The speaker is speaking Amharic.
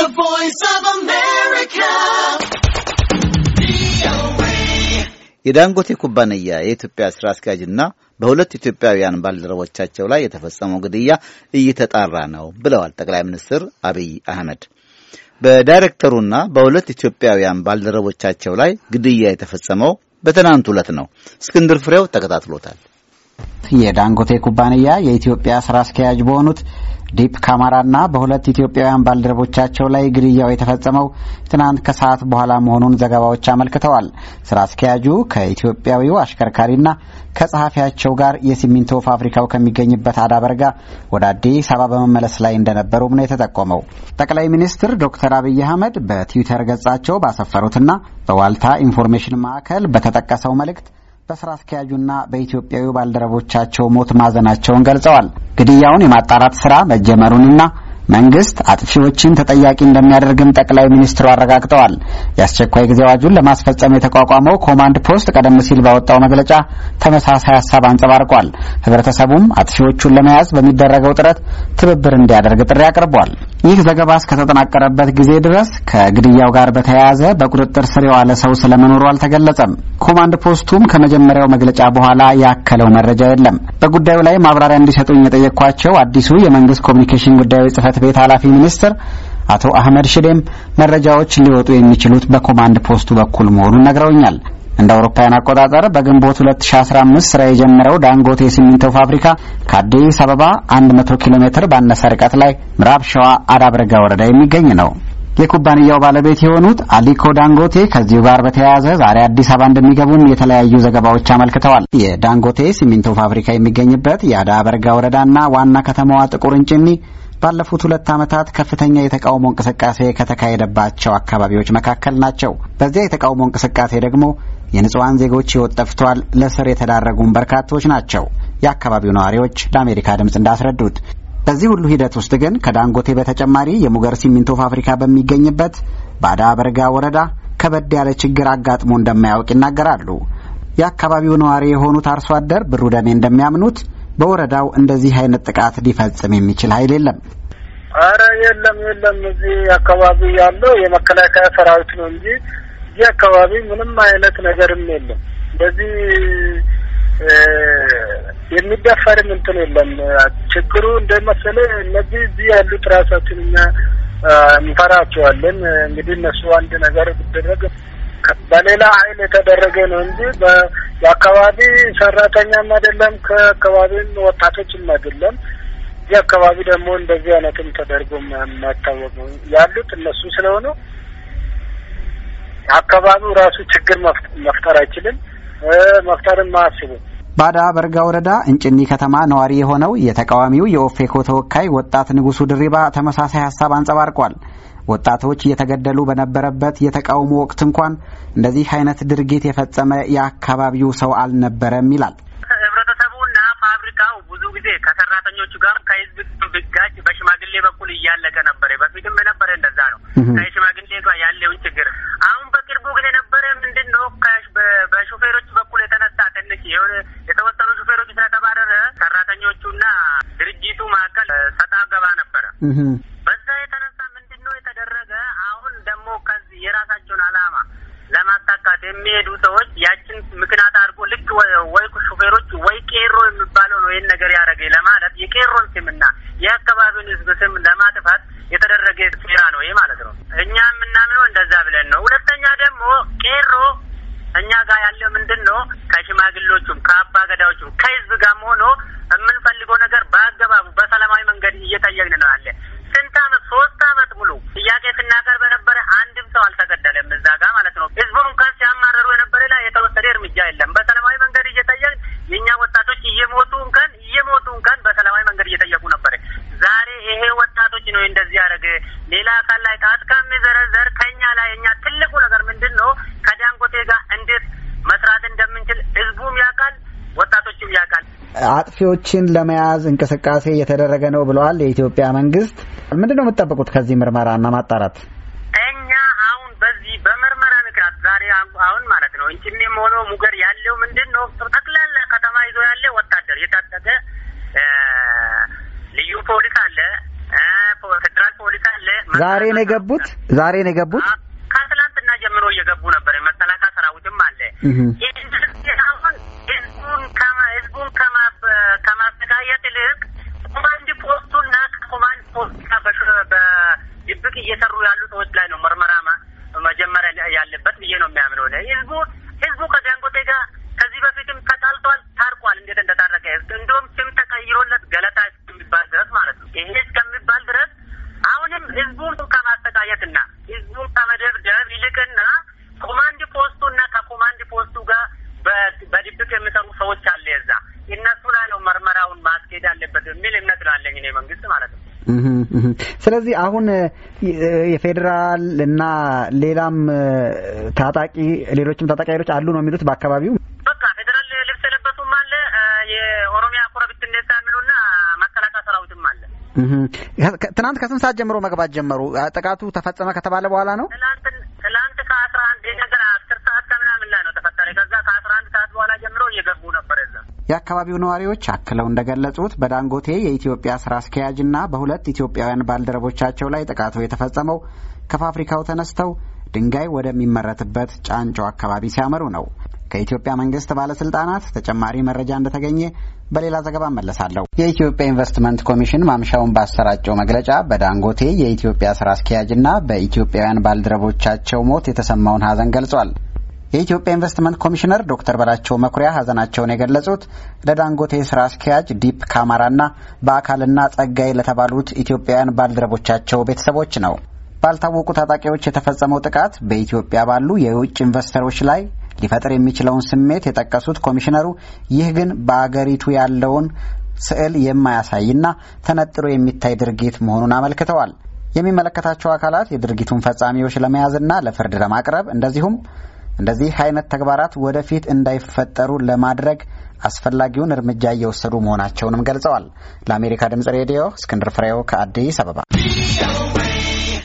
The Voice of America. የዳንጎቴ ኩባንያ የኢትዮጵያ ስራ አስኪያጅና በሁለት ኢትዮጵያውያን ባልደረቦቻቸው ላይ የተፈጸመው ግድያ እየተጣራ ነው ብለዋል ጠቅላይ ሚኒስትር አብይ አህመድ። በዳይሬክተሩና በሁለት ኢትዮጵያውያን ባልደረቦቻቸው ላይ ግድያ የተፈጸመው በትናንት ሁለት ነው። እስክንድር ፍሬው ተከታትሎታል። የዳንጎቴ ኩባንያ የኢትዮጵያ ስራ አስኪያጅ በሆኑት ዲፕ ካማራና በሁለት ኢትዮጵያውያን ባልደረቦቻቸው ላይ ግድያው የተፈጸመው ትናንት ከሰዓት በኋላ መሆኑን ዘገባዎች አመልክተዋል። ስራ አስኪያጁ ከኢትዮጵያዊው አሽከርካሪና ከጸሐፊያቸው ጋር የሲሚንቶ ፋብሪካው ከሚገኝበት አዳበርጋ ወደ አዲስ አበባ በመመለስ ላይ እንደነበሩም ነው የተጠቆመው። ጠቅላይ ሚኒስትር ዶክተር አብይ አህመድ በትዊተር ገጻቸው ባሰፈሩትና በዋልታ ኢንፎርሜሽን ማዕከል በተጠቀሰው መልእክት በስራ አስኪያጁና በኢትዮጵያዊ ባልደረቦቻቸው ሞት ማዘናቸውን ገልጸዋል። ግድያውን የማጣራት ስራ መጀመሩንና መንግስት አጥፊዎችን ተጠያቂ እንደሚያደርግም ጠቅላይ ሚኒስትሩ አረጋግጠዋል። የአስቸኳይ ጊዜ አዋጁን ለማስፈጸም የተቋቋመው ኮማንድ ፖስት ቀደም ሲል ባወጣው መግለጫ ተመሳሳይ ሀሳብ አንጸባርቋል። ህብረተሰቡም አጥፊዎቹን ለመያዝ በሚደረገው ጥረት ትብብር እንዲያደርግ ጥሪ አቅርቧል። ይህ ዘገባ እስከተጠናቀረበት ጊዜ ድረስ ከግድያው ጋር በተያያዘ በቁጥጥር ስር የዋለ ሰው ስለመኖሩ አልተገለጸም። ኮማንድ ፖስቱም ከመጀመሪያው መግለጫ በኋላ ያከለው መረጃ የለም። በጉዳዩ ላይ ማብራሪያ እንዲሰጡኝ የጠየኳቸው አዲሱ የመንግስት ኮሚኒኬሽን ጉዳዮች ጽህፈት ቤት ኃላፊ ሚኒስትር አቶ አህመድ ሽዴም መረጃዎች ሊወጡ የሚችሉት በኮማንድ ፖስቱ በኩል መሆኑን ነግረውኛል። እንደ አውሮፓውያን አቆጣጠር በግንቦት 2015 ስራ የጀመረው ዳንጎቴ ሲሚንቶ ፋብሪካ ከአዲስ አበባ 100 ኪሎ ሜትር ባነሰ ርቀት ላይ ምዕራብ ሸዋ አዳብረጋ ወረዳ የሚገኝ ነው። የኩባንያው ባለቤት የሆኑት አሊኮ ዳንጎቴ ከዚሁ ጋር በተያያዘ ዛሬ አዲስ አበባ እንደሚገቡም የተለያዩ ዘገባዎች አመልክተዋል። የዳንጎቴ ሲሚንቶ ፋብሪካ የሚገኝበት የአዳበርጋ ወረዳና ዋና ከተማዋ ጥቁር እንጭኒ ባለፉት ሁለት ዓመታት ከፍተኛ የተቃውሞ እንቅስቃሴ ከተካሄደባቸው አካባቢዎች መካከል ናቸው። በዚያ የተቃውሞ እንቅስቃሴ ደግሞ የንጹሐን ዜጎች ህይወት ጠፍቷል። ለስር የተዳረጉም በርካቶች ናቸው። የአካባቢው ነዋሪዎች ለአሜሪካ ድምፅ እንዳስረዱት በዚህ ሁሉ ሂደት ውስጥ ግን ከዳንጎቴ በተጨማሪ የሙገር ሲሚንቶ ፋብሪካ በሚገኝበት ባዳ በርጋ ወረዳ ከበድ ያለ ችግር አጋጥሞ እንደማያውቅ ይናገራሉ። የአካባቢው ነዋሪ የሆኑት አርሶ አደር ብሩ ደሜ እንደሚያምኑት በወረዳው እንደዚህ አይነት ጥቃት ሊፈጽም የሚችል ኃይል የለም። አረ የለም የለም። እዚህ አካባቢ ያለው የመከላከያ ሰራዊት ነው እንጂ በዚህ አካባቢ ምንም አይነት ነገርም የለም። በዚህ የሚደፈርም እንትን የለም። ችግሩ እንደመሰለ እነዚህ እዚህ ያሉት ራሳችን እኛ እንፈራቸዋለን። እንግዲህ እነሱ አንድ ነገር ብደረግ በሌላ ኃይል የተደረገ ነው እንጂ የአካባቢ ሰራተኛም አይደለም ከአካባቢም ወጣቶችም አይደለም። እዚህ አካባቢ ደግሞ እንደዚህ አይነትም ተደርጎ የማይታወቅ ያሉት እነሱ ስለሆኑ አካባቢው ራሱ ችግር መፍጠር አይችልም፣ መፍጠርም አያስብም። ባዳ በርጋ ወረዳ እንጭኒ ከተማ ነዋሪ የሆነው የተቃዋሚው የኦፌኮ ተወካይ ወጣት ንጉሱ ድሪባ ተመሳሳይ ሀሳብ አንጸባርቋል። ወጣቶች እየተገደሉ በነበረበት የተቃውሞ ወቅት እንኳን እንደዚህ አይነት ድርጊት የፈጸመ የአካባቢው ሰው አልነበረም ይላል። ህብረተሰቡና ፋብሪካው ብዙ ጊዜ ከሰራተኞቹ ጋር ከህዝብ ብጋጭ በሽማግሌ በኩል እያለቀ ነበረ። በፊትም የነበረ እንደዛ ነው። የተወሰኑ ሹፌሮች ስለተባረረ ሰራተኞቹና ድርጅቱ መካከል ሰጣ ገባ ነበረ። በዛ የተነሳ ምንድን ነው የተደረገ? አሁን ደግሞ ከዚህ የራሳቸውን አላማ ለማሳካት የሚሄዱ ሰዎች ያችን ምክንያት አድርጎ ልክ ወይ ሹፌሮች ወይ ቄሮ የሚባለው ነው ይህን ነገር ያደረገ ለማለት የቄሮን ስምና የአካባቢውን ህዝብ ስም ለማጥፋት የተደረገ ሴራ ነው ይህ ማለት ነው። እኛ የምናምነው እንደዛ ብለን ነው። ሁለተኛ ደግሞ ቄሮ እኛ ጋር ያለው ምንድን ነው ከሽማግሌዎቹም ከአባ ከህዝብ ጋርም ሆኖ የምንፈልገው ነገር በአገባቡ በሰላማዊ መንገድ እየጠየቅን ነው ያለ። ስንት አመት ሶስት አመት ሙሉ ጥያቄ ስናቀርብ የነበረ አንድም ሰው አልተገደለም እዛ አጥፊዎችን ለመያዝ እንቅስቃሴ እየተደረገ ነው ብለዋል የኢትዮጵያ መንግስት። ምንድን ነው የምጠበቁት ከዚህ ምርመራ እና ማጣራት? እኛ አሁን በዚህ በምርመራ ምክንያት ዛሬ አሁን ማለት ነው እንጭኔም ሆኖ ሙገር ያለው ምንድን ነው ጠቅላላ ከተማ ይዞ ያለ ወታደር የታጠቀ ልዩ ፖሊስ አለ፣ ፌዴራል ፖሊስ አለ። ዛሬ ነው የገቡት ዛሬ ነው የገቡት። ከትላንትና ጀምሮ እየገቡ ነበር። የመከላከያ ሰራዊትም አለ በድብቅ እየሰሩ ያሉ ሰዎች ላይ ነው ምርመራ መጀመሪያ ያለበት ብዬ ነው የሚያምነው። ህዝቡ ህዝቡ ከዳንጎቴ ጋር ከዚህ በፊትም ተጣልቷል፣ ታርቋል። እንዴት እንደታረቀ እንዲሁም ስም ተቀይሮለት ገለታ እስከሚባል ድረስ ማለት ነው። ይሄ እስከሚባል ድረስ አሁንም ህዝቡን ከማሰቃየትና ህዝቡን ከመደብደብ ይልቅና ኮማንድ ፖስቱ እና ከኮማንድ ፖስቱ ጋር በድብቅ የሚሰሩ ሰዎች አለ የዛ እነሱ ላይ ነው ምርመራውን ማስኬድ አለበት የሚል እምነት ላለኝ እኔ መንግስት ማለት ነው። ስለዚህ አሁን የፌዴራል እና ሌላም ታጣቂ ሌሎችም ታጣቂ ኃይሎች አሉ ነው የሚሉት በአካባቢው በቃ ፌዴራል ልብስ የለበሱም አለ፣ የኦሮሚያ ኮረብት እንደዛ የሚሉና መከላከያ ሰራዊትም አለ። ትናንት ከስንት ሰዓት ጀምሮ መግባት ጀመሩ? ጥቃቱ ተፈጸመ ከተባለ በኋላ ነው። የአካባቢው ነዋሪዎች አክለው እንደገለጹት በዳንጎቴ የኢትዮጵያ ስራ አስኪያጅና በሁለት ኢትዮጵያውያን ባልደረቦቻቸው ላይ ጥቃቱ የተፈጸመው ከፋብሪካው ተነስተው ድንጋይ ወደሚመረትበት ጫንጮ አካባቢ ሲያመሩ ነው። ከኢትዮጵያ መንግስት ባለስልጣናት ተጨማሪ መረጃ እንደተገኘ በሌላ ዘገባ መለሳለሁ። የኢትዮጵያ ኢንቨስትመንት ኮሚሽን ማምሻውን ባሰራጨው መግለጫ በዳንጎቴ የኢትዮጵያ ስራ አስኪያጅና በኢትዮጵያውያን ባልደረቦቻቸው ሞት የተሰማውን ሀዘን ገልጿል። የኢትዮጵያ ኢንቨስትመንት ኮሚሽነር ዶክተር በላቸው መኩሪያ ሀዘናቸውን የገለጹት ለዳንጎቴ ስራ አስኪያጅ ዲፕ ካማራና በአካልና ጸጋይ ለተባሉት ኢትዮጵያውያን ባልደረቦቻቸው ቤተሰቦች ነው። ባልታወቁ ታጣቂዎች የተፈጸመው ጥቃት በኢትዮጵያ ባሉ የውጭ ኢንቨስተሮች ላይ ሊፈጥር የሚችለውን ስሜት የጠቀሱት ኮሚሽነሩ ይህ ግን በአገሪቱ ያለውን ስዕል የማያሳይና ተነጥሮ የሚታይ ድርጊት መሆኑን አመልክተዋል። የሚመለከታቸው አካላት የድርጊቱን ፈጻሚዎች ለመያዝና ለፍርድ ለማቅረብ እንደዚሁም እንደዚህ አይነት ተግባራት ወደፊት እንዳይፈጠሩ ለማድረግ አስፈላጊውን እርምጃ እየወሰዱ መሆናቸውንም ገልጸዋል። ለአሜሪካ ድምጽ ሬዲዮ እስክንድር ፍሬው ከአዲስ አበባ